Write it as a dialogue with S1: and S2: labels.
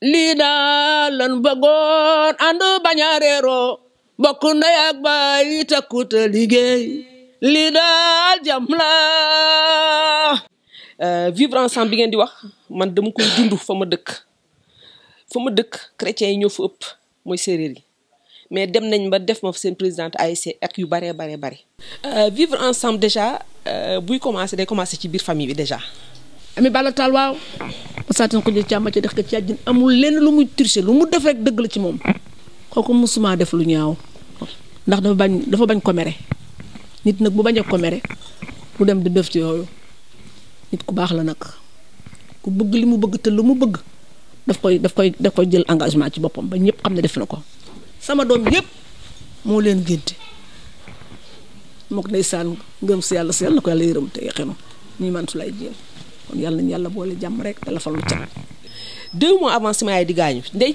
S1: lii daal lan bëggoon ànd bañ a réeroo bokk ndey ak baay takku te liggéey lii daal jàmm la.
S2: Euh, vivre ensemble bi ngeen di wax man dama koy dund fa ma dëkk fa ma dëkk chrétiens yi ñoo fa ëpp mooy séeréer yi mais dem nañ ba def ma seen présidente ASC ak yu baree baree bare. Euh, vivre ensemble déjà euh, buy commencé
S1: day commencé ci biir famille bi déjà. Ami Balla Tall waaw. saatin ko jël càmma ca dex ka càjjin amul lenn lu muy tricher lu mu def rek dëgg la ci moom kooku mosuma def lu ñaaw ndax dafa bañ dafa bañ ko mere nit nag bu bañ a ko mere mu dem di def ci yooyu nit ku baax la nag ku bëgg li mu bëgg te lu mu bëgg daf koy daf koy daf koy jël engagement ci boppam ba ñëpp xam ne def na ko
S3: sama doom yëpp
S1: moo leen génte mook ndeysaan ngërëm si yàlla si yàlla na ko yàlla yërëm te ñuy man su lay jéem kon yàlla nañu yàlla boole jàmm rek te lafal lu cat deux
S2: mois avant sama yaay di gaañu ndey